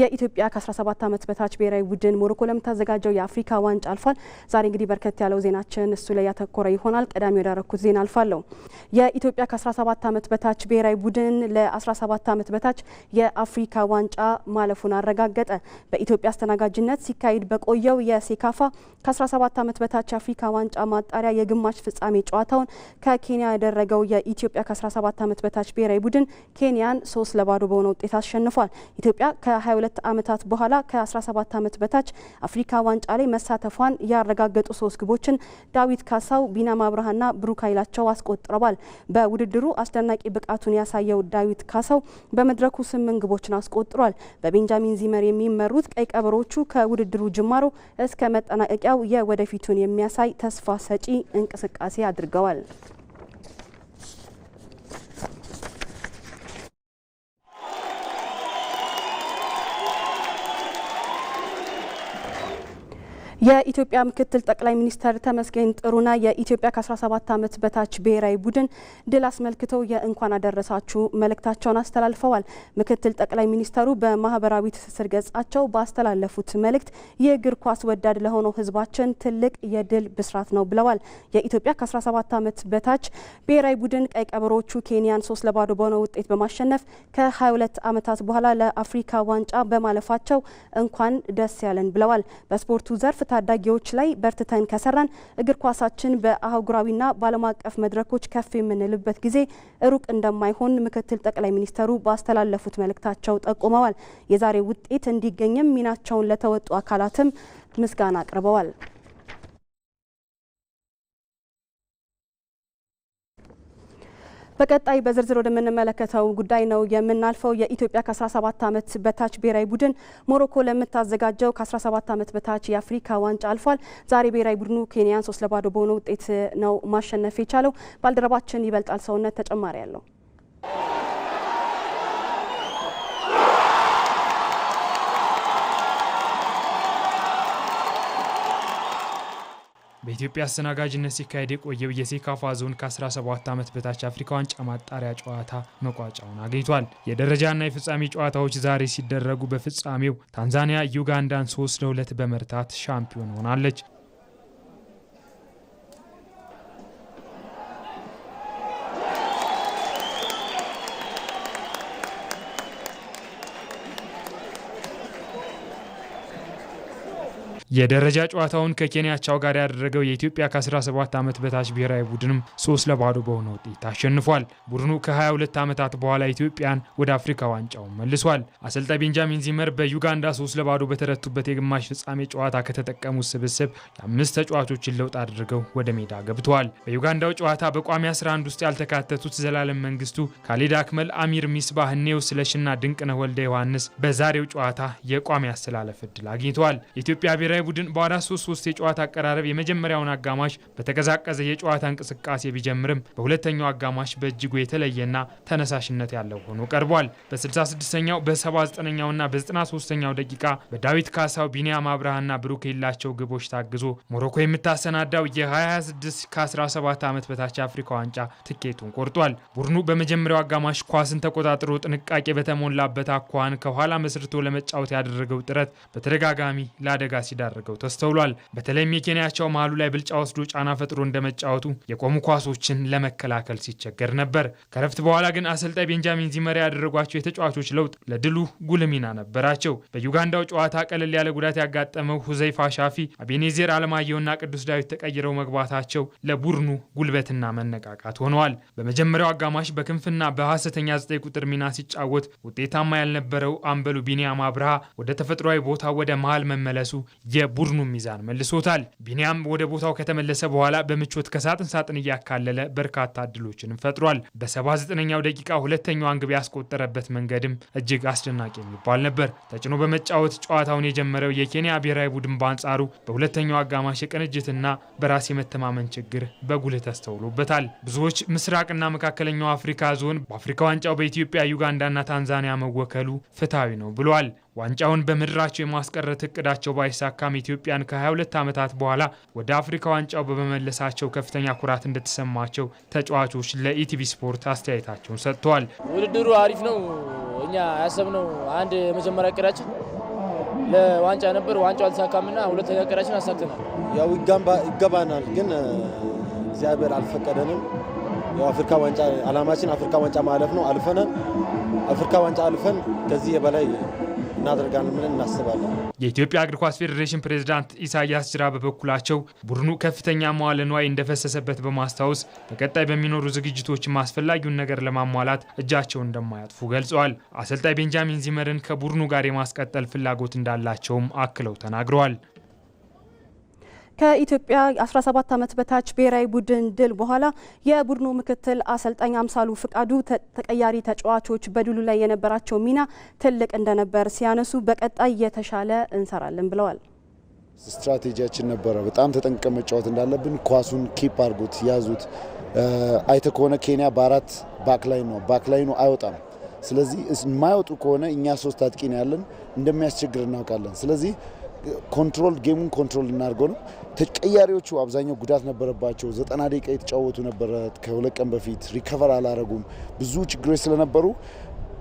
የኢትዮጵያ ከ17 ዓመት በታች ብሔራዊ ቡድን ሞሮኮ ለምታዘጋጀው የአፍሪካ ዋንጫ አልፏል። ዛሬ እንግዲህ በርከት ያለው ዜናችን እሱ ላይ ያተኮረ ይሆናል። ቀዳሚ ወዳረኩት ዜና አልፋለሁ። የኢትዮጵያ ከ17 ዓመት በታች ብሔራዊ ቡድን ለ17 ዓመት በታች የአፍሪካ ዋንጫ ማለፉን አረጋገጠ። በኢትዮጵያ አስተናጋጅነት ሲካሄድ በቆየው የሴካፋ ከ17 ዓመት በታች የአፍሪካ ዋንጫ ማጣሪያ የግማሽ ፍጻሜ ጨዋታውን ከኬንያ ያደረገው የኢትዮጵያ ከ17 ዓመት በታች ብሔራዊ ቡድን ኬንያን ሶስት ለባዶ በሆነ ውጤት አሸንፏል። ኢትዮጵያ ከ22 ከ ዓመታት በኋላ ከ17 ዓመት በታች አፍሪካ ዋንጫ ላይ መሳተፏን ያረጋገጡ ሶስት ግቦችን ዳዊት ካሳው፣ ቢናም አብርሃና ብሩክ ኃይላቸው አስቆጥረዋል። በውድድሩ አስደናቂ ብቃቱን ያሳየው ዳዊት ካሳው በመድረኩ ስምንት ግቦችን አስቆጥሯል። በቤንጃሚን ዚመር የሚመሩት ቀይ ቀበሮቹ ከውድድሩ ጅማሮ እስከ መጠናቀቂያው የወደፊቱን የሚያሳይ ተስፋ ሰጪ እንቅስቃሴ አድርገዋል። የኢትዮጵያ ምክትል ጠቅላይ ሚኒስትር ተመስገን ጥሩና የኢትዮጵያ ከ17 ዓመት በታች ብሔራዊ ቡድን ድል አስመልክተው የእንኳን አደረሳችሁ መልእክታቸውን አስተላልፈዋል። ምክትል ጠቅላይ ሚኒስተሩ በማህበራዊ ትስስር ገጻቸው ባስተላለፉት መልእክት የእግር ኳስ ወዳድ ለሆነው ህዝባችን ትልቅ የድል ብስራት ነው ብለዋል። የኢትዮጵያ ከ17 ዓመት በታች ብሔራዊ ቡድን ቀይ ቀበሮቹ ኬንያን ሶስት ለባዶ በሆነ ውጤት በማሸነፍ ከ22 ዓመታት በኋላ ለአፍሪካ ዋንጫ በማለፋቸው እንኳን ደስ ያለን ብለዋል። በስፖርቱ ዘርፍ ታዳጊዎች ላይ በርትተን ከሰራን እግር ኳሳችን በአህጉራዊና በዓለም አቀፍ መድረኮች ከፍ የምንልበት ጊዜ ሩቅ እንደማይሆን ምክትል ጠቅላይ ሚኒስተሩ ባስተላለፉት መልእክታቸው ጠቁመዋል። የዛሬ ውጤት እንዲገኝም ሚናቸውን ለተወጡ አካላትም ምስጋና አቅርበዋል። በቀጣይ በዝርዝር ወደምንመለከተው ጉዳይ ነው የምናልፈው። የኢትዮጵያ ከ17 ዓመት በታች ብሔራዊ ቡድን ሞሮኮ ለምታዘጋጀው ከ17 ዓመት በታች የአፍሪካ ዋንጫ አልፏል። ዛሬ ብሔራዊ ቡድኑ ኬንያን ሶስት ለባዶ በሆነ ውጤት ነው ማሸነፍ የቻለው። ባልደረባችን ይበልጣል ሰውነት ተጨማሪ አለው። በኢትዮጵያ አስተናጋጅነት ሲካሄድ የቆየው የሴካፋ ዞን ከ17 ዓመት በታች አፍሪካ ዋንጫ ማጣሪያ ጨዋታ መቋጫውን አግኝቷል። የደረጃና የፍጻሜ ጨዋታዎች ዛሬ ሲደረጉ በፍጻሜው ታንዛኒያ ዩጋንዳን 3 ለሁለት በመርታት ሻምፒዮን ሆናለች። የደረጃ ጨዋታውን ከኬንያ ቻው ጋር ያደረገው የኢትዮጵያ ከ17 ዓመት በታች ብሔራዊ ቡድንም ሶስት ለባዶ በሆነ ውጤት አሸንፏል። ቡድኑ ከ22 ዓመታት በኋላ ኢትዮጵያን ወደ አፍሪካ ዋንጫው መልሷል። አሰልጣኝ ቤንጃሚን ዚመር በዩጋንዳ ሶስት ለባዶ በተረቱበት የግማሽ ፍጻሜ ጨዋታ ከተጠቀሙት ስብስብ የአምስት ተጫዋቾችን ለውጥ አድርገው ወደ ሜዳ ገብተዋል። በዩጋንዳው ጨዋታ በቋሚ 11 ውስጥ ያልተካተቱት ዘላለም መንግስቱ፣ ካሌድ አክመል፣ አሚር ሚስባህ፣ ኔው ስለሽና ድንቅነህ ወልደ ዮሐንስ በዛሬው ጨዋታ የቋሚ አሰላለፍ እድል አግኝተዋል። ኢትዮጵያ ብሔራዊ ቡድን በአራት ሶስት ሶስት የጨዋታ አቀራረብ የመጀመሪያውን አጋማሽ በተቀዛቀዘ የጨዋታ እንቅስቃሴ ቢጀምርም በሁለተኛው አጋማሽ በእጅጉ የተለየና ተነሳሽነት ያለው ሆኖ ቀርቧል። በ66ኛው በ79ኛውና በ93ኛው ደቂቃ በዳዊት ካሳው፣ ቢኒያም አብርሃና ብሩክ የላቸው ግቦች ታግዞ ሞሮኮ የምታሰናዳው የ26 ከ17 ዓመት በታች አፍሪካ ዋንጫ ትኬቱን ቆርጧል። ቡድኑ በመጀመሪያው አጋማሽ ኳስን ተቆጣጥሮ ጥንቃቄ በተሞላበት አኳኋን ከኋላ መስርቶ ለመጫወት ያደረገው ጥረት በተደጋጋሚ ለአደጋ ሲዳረ ሲያደርገው ተስተውሏል። በተለይም የኬንያቸው መሀሉ ላይ ብልጫ ወስዶ ጫና ፈጥሮ እንደመጫወቱ የቆሙ ኳሶችን ለመከላከል ሲቸገር ነበር። ከረፍት በኋላ ግን አሰልጣኝ ቤንጃሚን ዚመሪ ያደረጓቸው የተጫዋቾች ለውጥ ለድሉ ጉልህ ሚና ነበራቸው። በዩጋንዳው ጨዋታ ቀለል ያለ ጉዳት ያጋጠመው ሁዘይፋ ሻፊ፣ አቤኔዜር አለማየሁና ቅዱስ ዳዊት ተቀይረው መግባታቸው ለቡድኑ ጉልበትና መነቃቃት ሆነዋል። በመጀመሪያው አጋማሽ በክንፍና በሐሰተኛ 9 ቁጥር ሚና ሲጫወት ውጤታማ ያልነበረው አምበሉ ቢኒያም አብርሃ ወደ ተፈጥሯዊ ቦታ ወደ መሃል መመለሱ የቡድኑ ሚዛን መልሶታል። ቢኒያም ወደ ቦታው ከተመለሰ በኋላ በምቾት ከሳጥን ሳጥን እያካለለ በርካታ እድሎችን ፈጥሯል። በ79ኛው ደቂቃ ሁለተኛዋን ግብ ያስቆጠረበት መንገድም እጅግ አስደናቂ የሚባል ነበር። ተጭኖ በመጫወት ጨዋታውን የጀመረው የኬንያ ብሔራዊ ቡድን በአንጻሩ በሁለተኛው አጋማሽ የቅንጅትና በራስ የመተማመን ችግር በጉልህ ተስተውሎበታል። ብዙዎች ምስራቅና መካከለኛው አፍሪካ ዞን በአፍሪካ ዋንጫው በኢትዮጵያ ዩጋንዳና ታንዛኒያ መወከሉ ፍትሐዊ ነው ብለዋል። ዋንጫውን በምድራቸው የማስቀረት እቅዳቸው ባይሳካም ኢትዮጵያን ከ22 ዓመታት በኋላ ወደ አፍሪካ ዋንጫው በመመለሳቸው ከፍተኛ ኩራት እንደተሰማቸው ተጫዋቾች ለኢቲቪ ስፖርት አስተያየታቸውን ሰጥተዋል። ውድድሩ አሪፍ ነው። እኛ ያሰብነው አንድ የመጀመሪያ እቅዳችን ለዋንጫ ነበር። ዋንጫው አልተሳካምና ሁለተኛ እቅዳችን አሳክተናል። ያው ይገባናል፣ ግን እግዚአብሔር አልፈቀደንም። አፍሪካ ዋንጫ አላማችን አፍሪካ ዋንጫ ማለፍ ነው። አልፈነን አፍሪካ ዋንጫ አልፈን ከዚህ የበላይ እናደርጋለን ብለን እናስባለን። የኢትዮጵያ እግር ኳስ ፌዴሬሽን ፕሬዝዳንት ኢሳያስ ጅራ በበኩላቸው ቡድኑ ከፍተኛ መዋለ ንዋይ እንደፈሰሰበት በማስታወስ በቀጣይ በሚኖሩ ዝግጅቶችም አስፈላጊውን ነገር ለማሟላት እጃቸውን እንደማያጥፉ ገልጸዋል። አሰልጣኝ ቤንጃሚን ዚመርን ከቡድኑ ጋር የማስቀጠል ፍላጎት እንዳላቸውም አክለው ተናግረዋል። ከኢትዮጵያ 17 ዓመት በታች ብሔራዊ ቡድን ድል በኋላ የቡድኑ ምክትል አሰልጣኝ አምሳሉ ፍቃዱ ተቀያሪ ተጫዋቾች በድሉ ላይ የነበራቸው ሚና ትልቅ እንደነበር ሲያነሱ በቀጣይ የተሻለ እንሰራለን ብለዋል። ስትራቴጂያችን ነበረ በጣም ተጠንቅቀን መጫወት እንዳለብን። ኳሱን ኪፕ አድርጉት፣ ያዙት። አይተ ከሆነ ኬንያ በአራት ባክላይ ነው ባክላይ ነው አይወጣም። ስለዚህ የማይወጡ ከሆነ እኛ ሶስት አጥቂ ነው ያለን እንደሚያስቸግር እናውቃለን። ስለዚህ ኮንትሮል ጌሙን ኮንትሮል እናድርገው ነው ተቀያሪዎቹ አብዛኛው ጉዳት ነበረባቸው። ዘጠና ደቂቃ የተጫወቱ ነበረ። ከሁለት ቀን በፊት ሪከቨር አላረጉም። ብዙ ችግሮች ስለነበሩ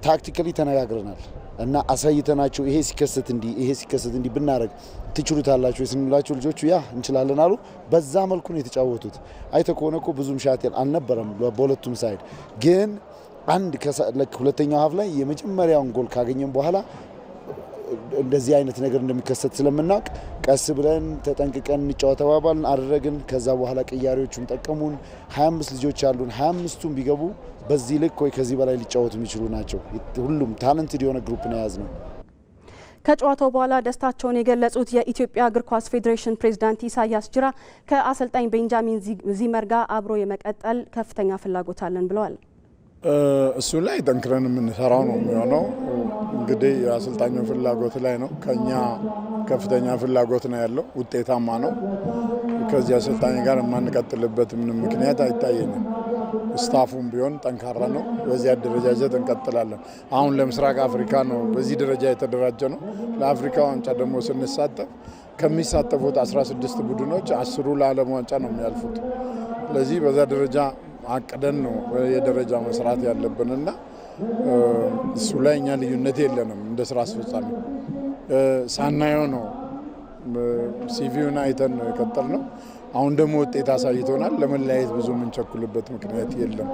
ታክቲካሊ ተነጋግረናል እና አሳይተናቸው ይሄ ሲከሰት እንዲ ይሄ ሲከሰት እንዲህ ብናደረግ ትችሉታላችሁ ስንላቸው ልጆቹ ያ እንችላለን አሉ። በዛ መልኩ ነው የተጫወቱት። አይተ ከሆነ ኮ ብዙም ሻቴል አልነበረም በሁለቱም ሳይድ ግን አንድ ሁለተኛው ሀፍ ላይ የመጀመሪያውን ጎል ካገኘም በኋላ እንደዚህ አይነት ነገር እንደሚከሰት ስለምናውቅ ቀስ ብለን ተጠንቅቀን እንጫወት ተባባልን፣ አደረግን። ከዛ በኋላ ቅያሬዎቹን ጠቀሙን። 25 ልጆች አሉን። 25ቱም ቢገቡ በዚህ ልክ ወይ ከዚህ በላይ ሊጫወቱ የሚችሉ ናቸው። ሁሉም ታለንትድ የሆነ ግሩፕ ነው ነው። ከጨዋታው በኋላ ደስታቸውን የገለጹት የኢትዮጵያ እግር ኳስ ፌዴሬሽን ፕሬዚዳንት ኢሳያስ ጅራ ከአሰልጣኝ ቤንጃሚን ዚመር ጋር አብሮ የመቀጠል ከፍተኛ ፍላጎት አለን ብለዋል። እሱ ላይ ጠንክረን የምንሰራው ነው የሚሆነው። እንግዲህ የአሰልጣኙ ፍላጎት ላይ ነው። ከኛ ከፍተኛ ፍላጎት ነው ያለው። ውጤታማ ነው። ከዚህ አሰልጣኝ ጋር የማንቀጥልበት ምንም ምክንያት አይታየኝም። ስታፉም ቢሆን ጠንካራ ነው። በዚህ አደረጃጀት እንቀጥላለን። አሁን ለምስራቅ አፍሪካ ነው በዚህ ደረጃ የተደራጀ ነው። ለአፍሪካ ዋንጫ ደግሞ ስንሳተፍ ከሚሳተፉት 16 ቡድኖች አስሩ ለዓለም ዋንጫ ነው የሚያልፉት። ስለዚህ በዛ ደረጃ አቅደን ነው የደረጃ መስራት እና እሱ ላይ እኛ ልዩነት የለንም። እንደ ስራ አስፈጻሚ ሳናየው ነው ሲቪውን አይተን ነው ነው አሁን ደግሞ ውጤት አሳይቶናል። ለመለያየት ብዙ የምንቸኩልበት ምክንያት የለም።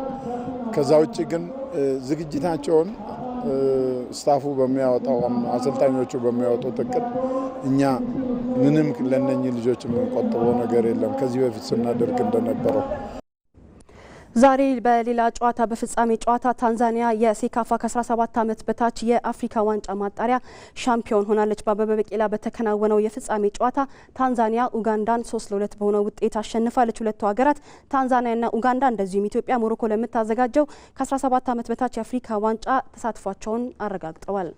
ከዛ ውጭ ግን ዝግጅታቸውን ስታፉ በሚያወጣው አሰልጣኞቹ በሚያወጡት እቅድ እኛ ምንም ለእነኚህ ልጆች የምንቆጥበው ነገር የለም ከዚህ በፊት ስናደርግ እንደነበረው ዛሬ በሌላ ጨዋታ በፍጻሜ ጨዋታ ታንዛኒያ የሴካፋ ከ17 ዓመት በታች የአፍሪካ ዋንጫ ማጣሪያ ሻምፒዮን ሆናለች። በአበበ ቢቂላ በተከናወነው የፍጻሜ ጨዋታ ታንዛኒያ ኡጋንዳን 3 ለ2 በሆነ ውጤት አሸንፋለች። ሁለቱ ሀገራት ታንዛኒያና ኡጋንዳ እንደዚሁም ኢትዮጵያ ሞሮኮ ለምታዘጋጀው ከ17 ዓመት በታች የአፍሪካ ዋንጫ ተሳትፏቸውን አረጋግጠዋል።